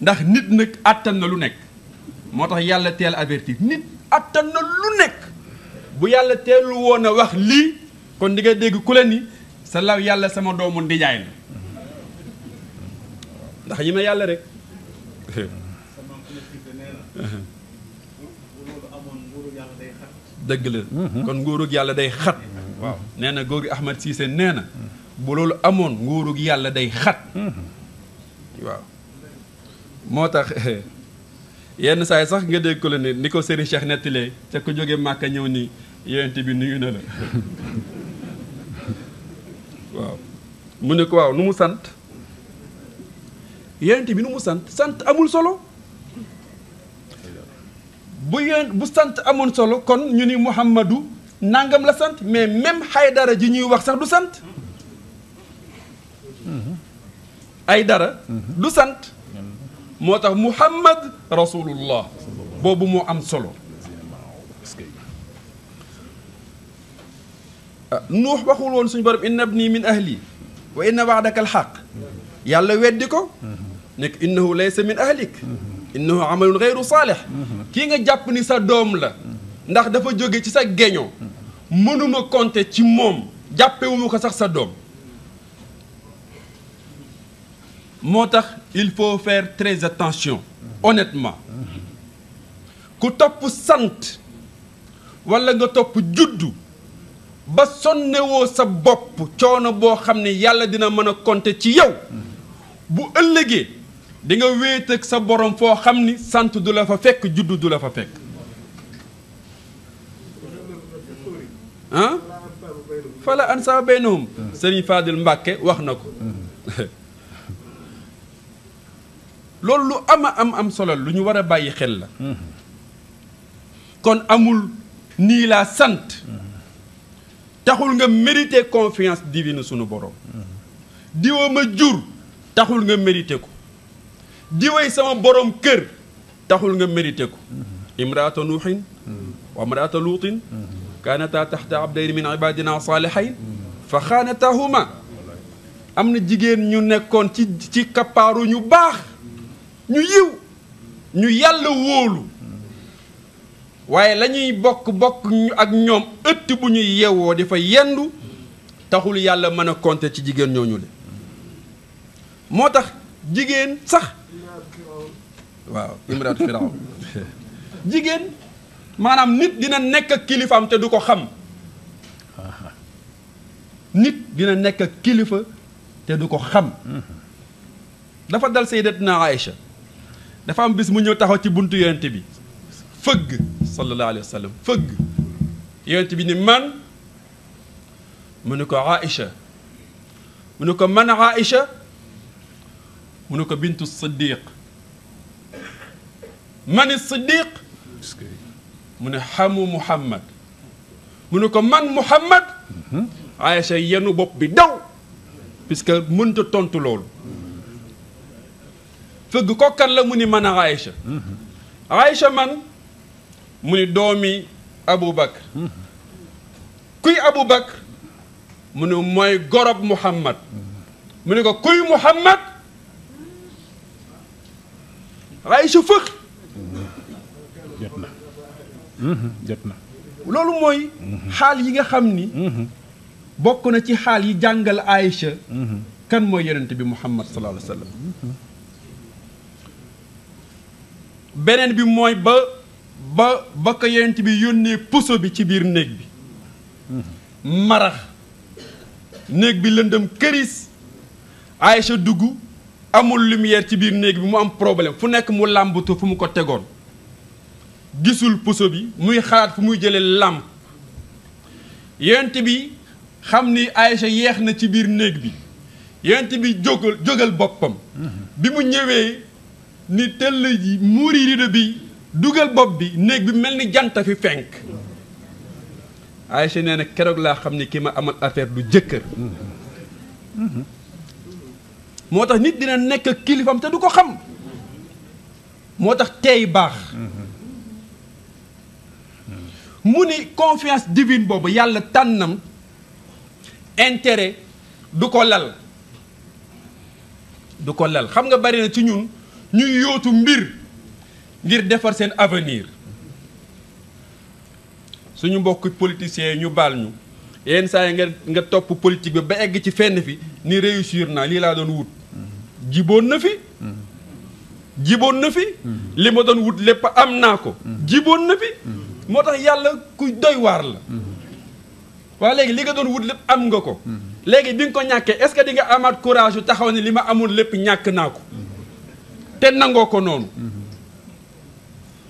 ndax nit nag àttan na lu nekk moo tax yàlla teel avertir nit àttan na lu nekk bu yàlla teelu woon a wax lii kon di nga dégg ku la ni sa law yàlla sama doomu ndijaay la ndax ñi ma yàlla rek dëgg la mhm. kon nguurug yàlla day xat waaw nee na góor gi Ahmed Cissé nee na bu loolu amoon nguurug yàlla day xat mhm. waaw moo tax yenn saa yi sax nga dégg ko la ne ni ko Serigne Cheikh nettalee ca ko jóge Màkka ñëw nii yonent bi nuyu na la waaw mu ne ko waaw nu mu sant yonent bi nu mu sant sant amul solo bu yonent bu sant amoon solo kon ñu ni Muhammadu nàngam la sant mais même dara ji ñuy wax sax du sant mhm. ay dara du sant moo tax muhammad rasulullah boobu moo am solo nuux waxul woon suñu borom inna ibni min ahli wa inna waadaka alxaq yàlla weddi ko nekk innahu laysa min ahlik innahu amalun gayru saalih kii nga jàpp ni sa doom la ndax dafa jóge ci sa geño mënuma compter ci moom jàppewuma ko sax sa doom moo tax il faut fair très attention honnêtement ku topp sant walla nga topp juddu ba sonnewoo sa bopp coono boo xam ne yàlla dina mën a compter ci yow bu ëllëgee di nga wéet sa borom foo xam ni sant du la fa fekk juddu du la fa fekk ah fala ansa baynahum Serigne Fadil Mbàkke wax na ko loolu lu ama am am solo lu ñu war a bàyyi xel la kon amul nii laa sant taxul nga mérité confiance divine sunu borom diwoo ma jur taxul nga mérité ko diwey sama boroom kër taxul nga mérité ko imraata nuuxin wa imraata luutin kaanataa taxta abdayni min ibadina saalihayn fa xaanatahuma am na jigéen ñu nekkoon ci ci kappaaru ñu baax ñu yiw ñu yàlla wóolu waaye lañuy ñuy bokk-bokk ak ñoom ëtt bu ñuy yewwoo di fa yendu taxul yàlla mën a ci jigéen ñooñu le moo tax jigéen sax waaw imraat firaw jigéen maanaam nit dina nekk ak kilifaam te du ko xam nit dina nekk ak kilifa te du ko xam dafa dal sayyidatna Aïcha dafa am bis mu ñëw taxaw ci buntu yonent bi fëgg sallallahu alayhi wa sallam fëgg yonent bi ni man mu ne ko Aïcha mu ne ko man Aïcha mu ne ko bintu siddiq mani siddiq mu ne xamu muhammad mu ne ko man muhammad mhm. Aïcha yenu bopp bi daw puisque mënta tontu loolu fëgg kokkan la mu ni man a Aïcha Aïcha man mu ni doomi Abu Bakr kuy Abu Bakr mu ni mooy gorob Muhammad mu ni ko kuy Muhammad Aïcha fëgg na mhm, jot na loolu mooy mhm. xaal yi nga xam ni mhm. bokk na ci xaal yi jàngal Aïcha kan mooy yonent bi Muhammad sallallahu alayhi beneen bi mooy ba ba ba ko yonent bi yónnee puso bi ci biir néeg bi marax néeg bi lëndëm këris Aïcha dugg amul lumière ci biir néeg bi mu am problème fu nekk mu làmbatu fu mu ko tegoon gisul puso bi muy xalaat fu muy jëlee làmp yent bi xam ni Aïcha yeex na ci biir néeg bi yonent bi jógal jógal boppam bi mu ñëwee ni tëll ji muuri rido bi dugal bopp bi néeg bi mel ni jant fi fenk Aïcha nee na keroog laa xam ni ki ma amal affaire du jëkkër moo tax nit dina nekk kilifam te du ko xam moo tax teey baax mu ni confiance divine boobu yàlla tànnam intérêt du ko lal du ko lal xam nga bari na ci ñun ñuy yootu mbir ngir defar seen avenir suñu mbokk politiciens ñu baal ñu yenn saa yi nga nga topp politique bi ba egg ci fenn fi ni réussir naa lii laa doon wut jiboon na fi jiboon na fi li ma doon wut lépp am naa ko jiboon na fi moo tax yàlla kuy doy waar la waa léegi li nga doon wut lépp am nga ko léegi bi ko ñàkkee est-ce que di amaat courage yu taxaw ne li ma amoon lépp ñàkk naa ko te nangoo ko noonu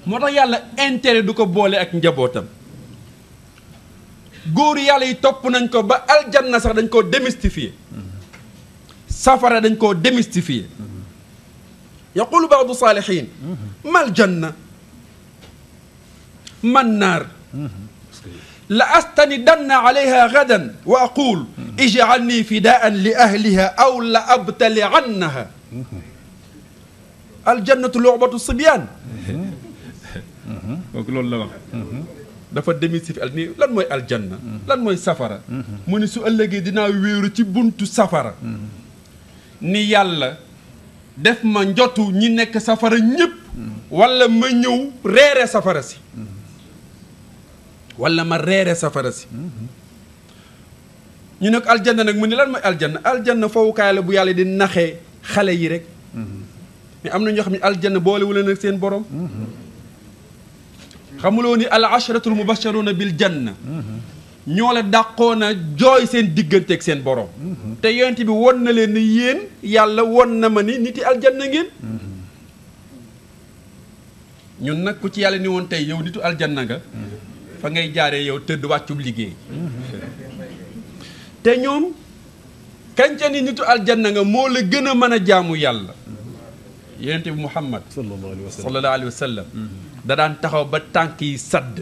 moo tax yàlla intérêt du ko boole ak njabootam góor yàlla yi topp nañ ko ba aljanna sax dañ koo démystifier safara dañ koo démystifier yaqulu baadu saalihiin mal janna man naar la astanidanna alayha gadan wa aqul ij'alni fidaan li ahliha aw la abtali annaha aljannatu lu'batu sibyaan donc loolu la wax dafa démystifier al ni lan mooy aljanna lan mooy safara mu ni su ëllëgee dinaa wéeru ci buntu safara ni yàlla def ma njotu ñi nekk safara ñëpp wala ma ñëw reere safara si wala ma reere safara si ñu nekk aljanna nag mu ni lan mooy aljanna aljanna fowukaay la bu yàlla di naxee xale yi rek mais am na ñoo xam ne aljanna boolewuleen ak seen borom. xamuloo ni al ashratul mubasharuna bil janna ñoo la dàqoon a jooy seen diggante ak seen borom. te yonent bi woon na leen ni yéen yàlla woon na ma ni nit yi aljanna ngeen. ñun nag ku ci yàlla ni woon tey yow nitu aljanna nga. fa ngay jaaree yow tëdd wàccub liggéey. te ñoom. kanca ni nitu aljanna nga moo la gën a mën a jaamu yàlla. yonent bi Muhammad sallallahu alayhi wa sallam mm-hmm. da daan taxaw ba tànk yi sadd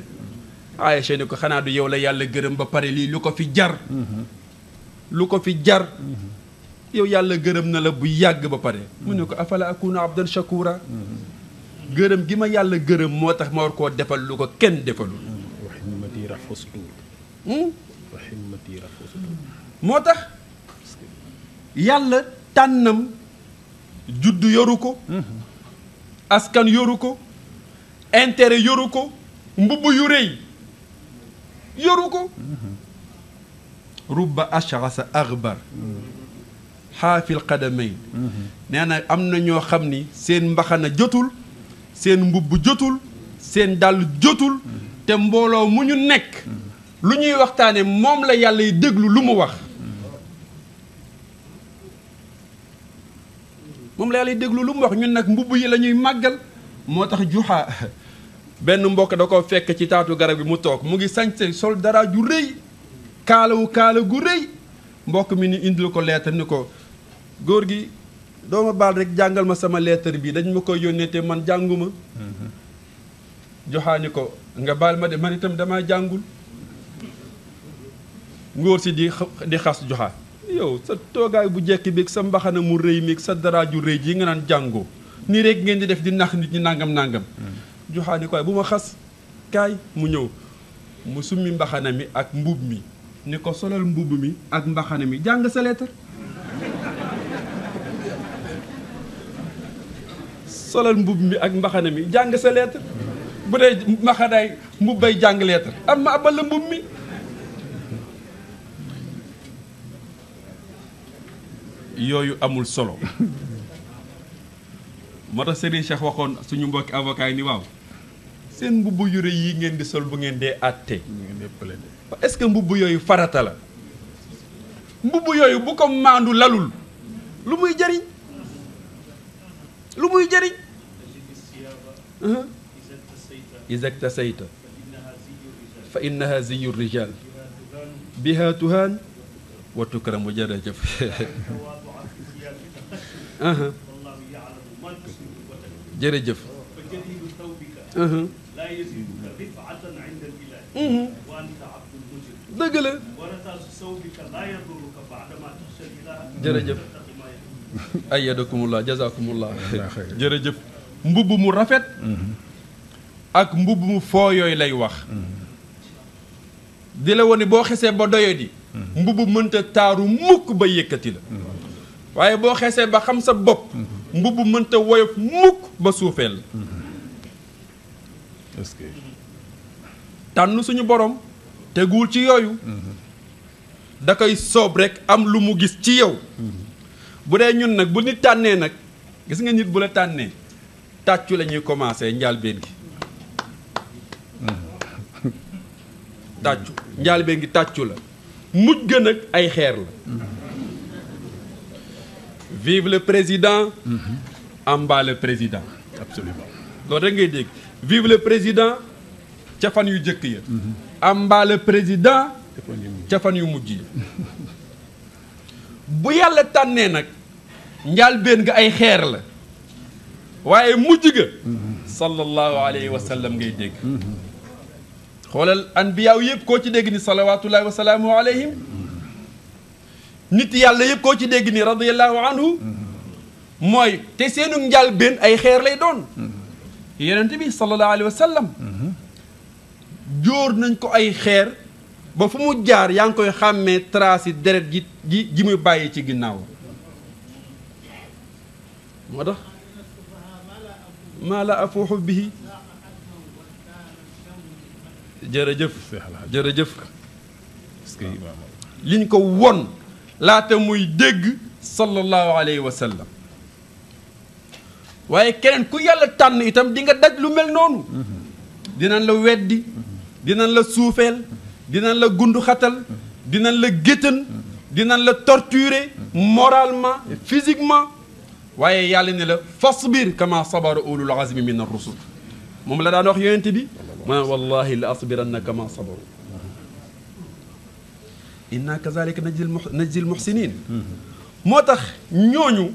Aïcha ne ko xanaa du yow la yàlla gërëm ba pare lii lu ko fi jar mm-hmm. lu ko fi jar mm-hmm. yow yàlla gërëm na la bu yàgg ba pare mu ne ko afala akuna abdan shakura gërëm gi ma yàlla gërëm moo tax ma war koo defal lu ko kenn defalul hmm? moo tax yàlla tànnam juddu yoru ko askan yoru ko intere yoru ko mbubb yu rëy yoru ko rubba ashxasa axbar xaafil qadamayn nee na am na ñoo xam ni seen mbaxana jotul seen mbubb jotul seen dàll jotul te mbooloo mu ñu nekk lu ñuy waxtaane moom la yàlla yi déglu lu mu wax moom la yàlla déglu lu mu wax ñun nag mbubb yi lañuy màggal moo tax juxaa benn mbokk da ko fekk ci taatu garab yi mu toog mu ngi sañse sol dara ju rëy kaalawu kaala gu rëy mbokk mi ni indil ko lettre ni ko góor gi dooma ma baal rek jàngal ma sama leetar bi dañ ma koy yónnee te man jànguma joxaa ni ko nga baal ma de man itam damaa jàngul ngóor si di di xas joxaa yow sa toogaay bu jekki bi sa mbaxana mu rëy mi sa dara ju rëy ji nga naan jàngoo nii rek ngeen di def di nax nit ñi nàngam nangam. Hmm. joxaani ko bu ma xas kaay mu ñëw mu summi mbaxana mi ak mbubb mi ni ko solal mbubb mi ak mbaxana mi jàng sa solal mbubb mi ak mbaxana mi jàng sa leetar hmm. bu dee mbaxanaay mbubbay jàng leetar am ma abal la mbubb mi. yooyu amul solo moo tax Serigne Cheikh waxoon suñu mbokki avocat ni waaw seen mbubb yu rëy yi ngeen di sol bu ngeen dee àtte est-ce mbubb yooyu farata la mbubb yooyu bu ko maandu lalul lu muy jariñ lu muy jariñ uh-huh. iza tasayta fa innaha ziyu rijal biha tuhaan wa tukramu jërëjëf Uh-huh. jërëjëf uh-huh. Uh-huh. dëgg la jërëjëf ayyadakumullah jazakumullah jërëjëf mbubb mu rafet ak mbubb mu foo yooyu lay wax di la wone boo xesee ba doyadi mbubb mënta taaru mukk ba yëkkati la waaye boo xeesee ba xam sa bopp mbubb mënta woyof mukk ba suufeel la tànn suñu boroom te guul ci yooyu da koy soob rekk am lu mu gis ci yow bu dee ñun nag bu nit tànnee nag gis nga nit bu la tànnee tàccu la ñuy commencé njaalbeen gi tàccu njaalbeen gi tàccu la mujj gën ak ay xeer la vive le président. Mm-hmm. ambale président. absolument loolu rek ngay dégg vive le président ca fan yu jëkk ya. en mm-hmm. bas président ca fan yu mujj yi. bu yàlla tànnee nag njaal benn nga ay xeer la waaye mujj ga mm-hmm. sallallahu alayhi wa sallam ngay dégg xoolal anbiyaaw yëpp koo ci dégg ni salawatullahi wa salaamu alayhim nit yàlla yëpp koo ci dégg nii radiyallahu anhu mooy te seenu njàlbéen ay xeer lay doon yonent bi sallallahu alayhi wa sallam nañ ko ay xeer ba fu mu jaar yaa ngi koy xàmmee trace deret ji ji ji muy bàyyi ci ginnaaw moo tax maa la afuuxu bihi jërëjëf jërëjëf liñ ko won laata muy dégg sallallahu alayhi wa sallam waaye keneen ku yàlla tànn itam di nga daj lu mel noonu dinañ la weddi dinañ la suufeel dinañ la gundu xatal dinañ la géttan dinañ la torturer moralement physiquement waaye yàlla ne la fasbir kama sabara ulul azmi min ar rusul moom la daan wax yonente bi ma wallahi la asbiranna kama sabaru inna kazalika najzil najzil muhsinin moo tax ñooñu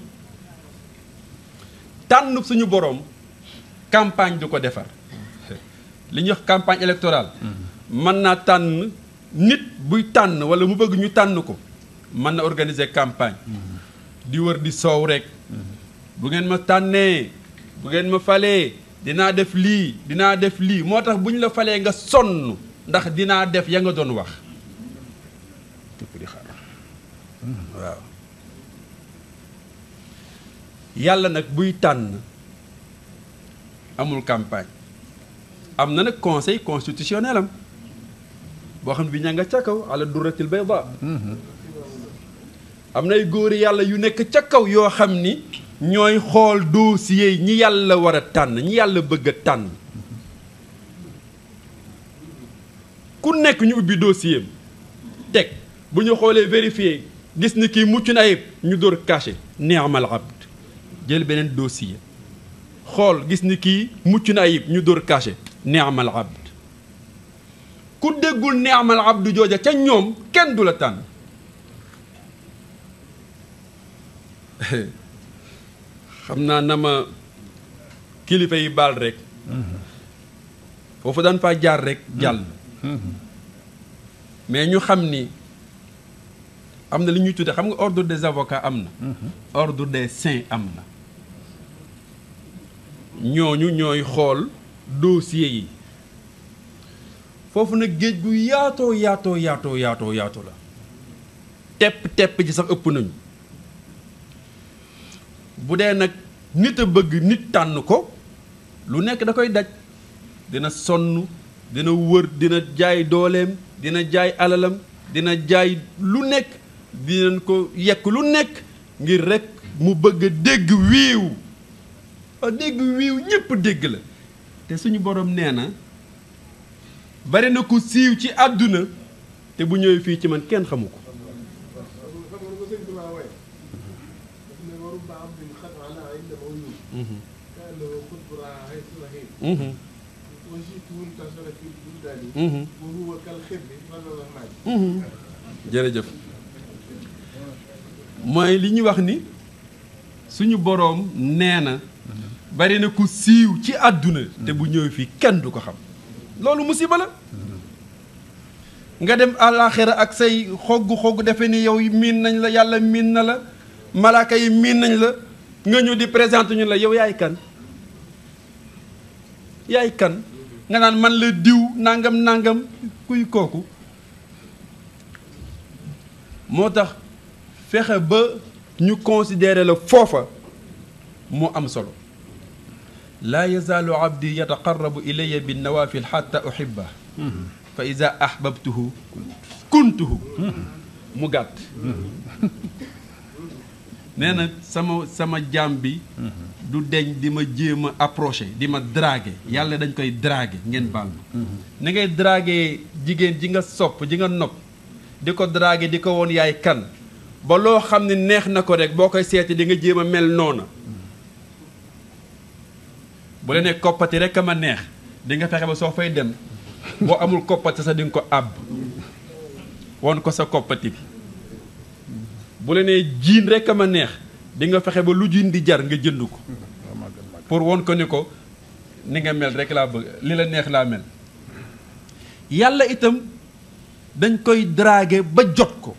tànn suñu boroom campagne du ko defar li ñuy wax campagne électorale mën naa tànn nit buy tànn walla mu bëgg ñu tànn ko mën na organiser campagne di wër di soow rek bu ngeen ma tànnee bu ngeen ma falee dinaa def lii dinaa def lii moo tax bu ñu la falee nga sonn ndax dinaa def ya nga doon wax waaw yàlla nag buy tànn amul campagne am na nag conseil constitutionnel boo xam ne bi ña nga ca kaw ala duratil bayda mm-hmm. am nay góor yàlla yu nekk ca kaw yoo xam ni ñooy xool dossier ñi yàlla war a tànn ñi yàlla bëgg tànn ku nekk ñu ubbi dossier teg bu ñu xoolee vérifier gis ni kii mucc na ayib ñu dóor caché ni'mal abd jël beneen dossier xool gis ni kii mucc na ayib ñu dóor caché ni'mal abd ku déggul ni'mal abd jooja ca ñoom kenn du la tànn xam naa na ma kilifa yi baal rek foofu daan fa jaar rek jàll mm-hmm. Mm-hmm. mais ñu xam ni am na li ñuy tuddee xam nga ordre des avocats am na. Mhm. am na. ñooñu ñooy xool dossier yi foofu nag géej gu yaatoo yaatoo yaatoo yaatoo yaatu la tepp tepp ji sax ëpp nañu bu dee nag nit a bëgg nit tànn ko lu nekk da koy daj dina sonn dina wër dina jaay dooleem dina jaay alalam dina jaay lu nekk. dinañ ko yekk lu nekk ngir rekk mu bëgg a dégg wiiw a dégg wiiw ñépp dégg la te suñu boroom nee na bari na ko siiw ci àdduna te bu ñëwee fii ci man kenn xamu ko mm-hmm. Mm-hmm. Mm-hmm. jërëjëf mooy li ñuy wax ni suñu boroom nee na bari na ku siiw ci àdduna te bu ñëw fii kenn du ko xam loolu musiba la nga dem àllaaxira ak say xoggu xoggu defe ni yow miin nañ la yàlla miin na la malaaka yi miin nañ la nga ñëw di présenté ñu la yow yaay kan yaay kan nga naan man la diw nangam nangam kuy kooku moo tax fexe ba ñu considérer la foofa mu am solo laa yazaalu abdi yataqarrabu bi binnawaafil xatta uhibba fa ida ahbabtuhu kuntuhu mu gàtt nee na sama sama jaam bi du deñ di ma jéem a approché di ma dragué yàlla dañ koy dragué ngeen baal ma ni ngay jigéen ji nga sopp ji nga nopp di ko dragué di ko woon yaay kan ba loo xam ne neex na ko rek boo koy seetee di nga jéem a mel noona bu la ne koppati rek a ma neex di fexe ba soo fay dem boo amul koppati sax di ko àbb won ko sa koppati bi bu la rek a neex di fexe ba lu jiin di jar nga jënd ko pour won ko ni ko ni nga mel rek laa bëgg li la neex laa mel yàlla itam dañ koy draguer ba jot ko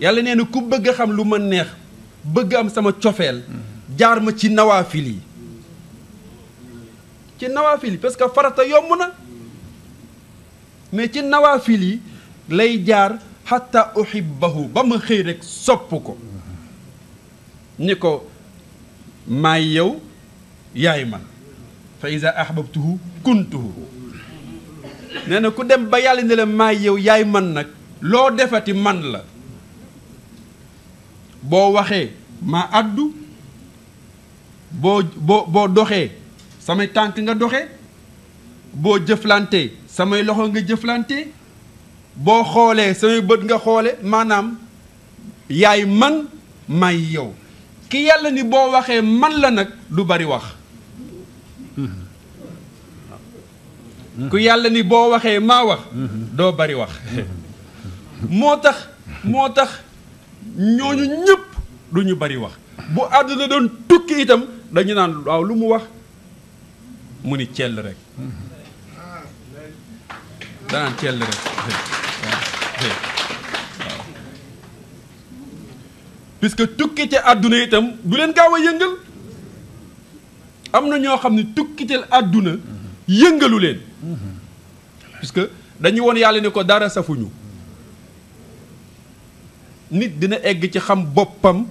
yàlla nee na ku bëgg xam lu ma neex bëgg am sama cofeel jaar ma ci nawaafil yi ci nawaafil yi parce que farata yomb na mais ci nawaafil yi lay jaar xatta uhibbahu ba ma xëy rek sopp ko ni ko maay yow yaay man fa iza ahbabtuhu kuntuhu nee na ku dem ba yàlla ne maay yow yaay man nag loo defati man la boo waxee ma addu boo boo boo doxee samay tànk nga doxe boo jëflantee samay loxo nga jëflante boo xoolee samay bët nga xoole maanaam yaay man may yow ki yàlla ni boo waxee man la nag du bari wax ku yàlla ni boo waxee maa wax mm-hmm. doo bari wax moo tax moo tax ñooñu ñëpp du ñu bari wax bu àdduna doon tukki itam dañu naan waaw lu mu wax mu ni cell rek danaan cell rek waaw tukki ca àdduna itam du leen gaaw a yëngal am na ñoo xam ne tukkitel àdduna yëngalu leen puisque dañu woon yàlla ne ko dara safuñu nit dina egg ci xam boppam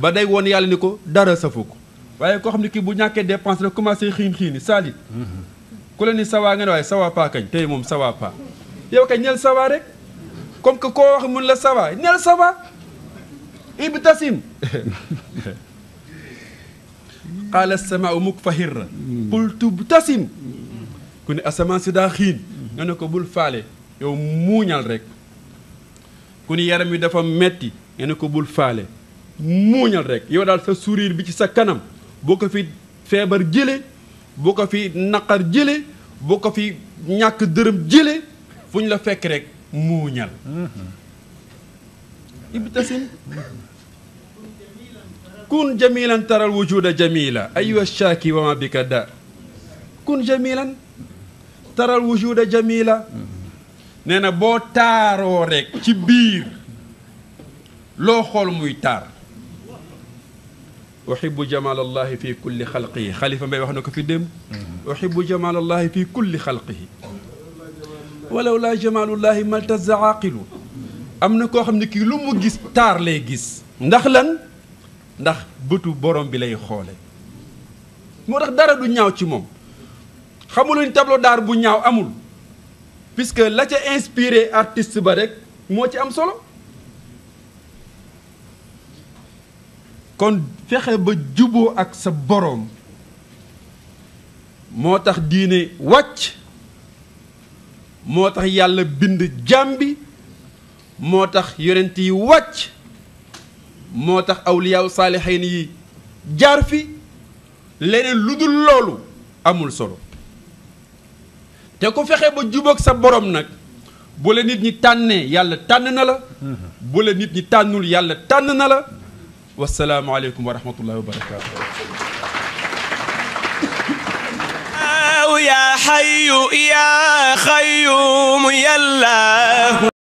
ba dey woon yàlla ni ko dara safu ko waaye koo xam ne kii bu ñàkkee depanse rek commencé xiin xiini saalit ku la ni sawaa nga ne waaye sawaa paa kañ tey moom sawaa paa yow kañ neel sawaa rek comme que koo wax mun la sawaa neel sawaa ibi tasim qaala samaau muk fahirra qultu tasim ku ne asamaan si daa xiin nga ne ko bul faale yow muuñal rek ku yaram wi dafa metti nga ne ko bul faale muuñal rek yow daal sa sourire bi ci sa kanam boo ko fi feebar jële boo ko fi naqar jële boo ko fi ñàkk dërëm jële fu ñu la fekk rek muuñal mm-hmm. ibtasim mm-hmm. kun jamilan taral wujuda jamila ayuha shaaki wa ma bika da kun jamilan taral wujuda jamila mm-hmm. nee na boo taaroo rekk ci biir loo xool muy taar uhibbu jamalallahi fi kulli xalqihi xalifa mbay wax na ko fi démb uhibbu jamalallahi fi kulli xalqihi walaw laa jamaalullahi a aqilu am na koo xam ne kii lu mu gis taar lay gis ndax lan ndax bëtu borom bi lay xoole moo tax dara du ñaaw ci moom xamuluñ tableau daar bu ñaaw amul puisque la ca inspiré artiste ba rekk moo ci am solo kon fexe ba juboo ak sa boroom moo tax diine wàcc moo tax yàlla bind jaam bi moo tax yonent yi wàcc moo tax awliyaaw saalixiin yi jaar fi leneen lu dul loolu amul solo te ku fexe ba jubóog sa borom nag bu la nit ñi tànnee yàlla tànn na la bu la nit ñi tànnul yàlla tànn na la wasalaamaaleykum wa rahmatullahi wa barakaatu aw yaa xayu yaa xayum yàlla